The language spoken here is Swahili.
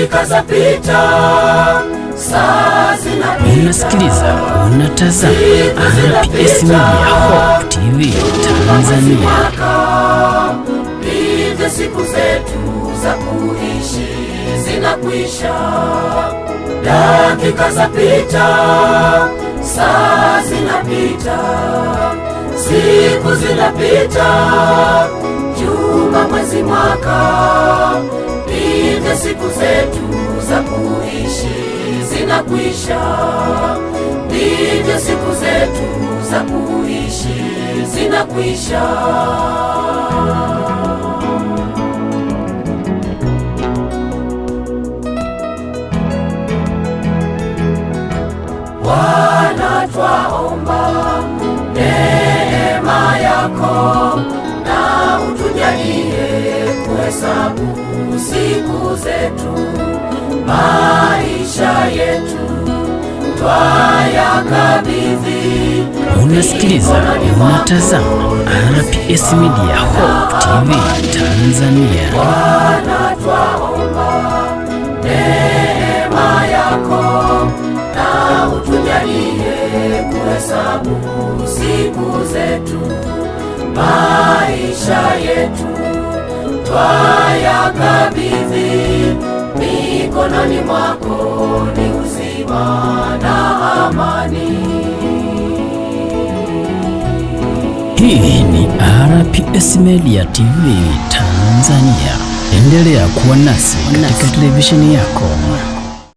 dakika za pita, saa zinapita. Unasikiliza, unatazama RPS Media Hope TV Tanzania. Hivyo siku zetu za kuishi zinakwisha, dakika za pita, saa zinapita, siku zinapita, juma, mwezi, mwaka zote siku zetu za kuishi zinakwisha, ndivyo siku zetu za kuishi zinakwisha. Bwana, twaomba neema yako siku zetu, maisha yetu twayakabidhi. Unasikiliza, unatazama RPS Media Hope TV Tanzania. Bwana, twaomba neema yako na utujalie kuhesabu siku zetu, maisha twayakabidhi mikononi mwako, ni uzima na amani. Hii ni RPS Media TV Tanzania. Endelea kuwa nasi katika televisheni yako.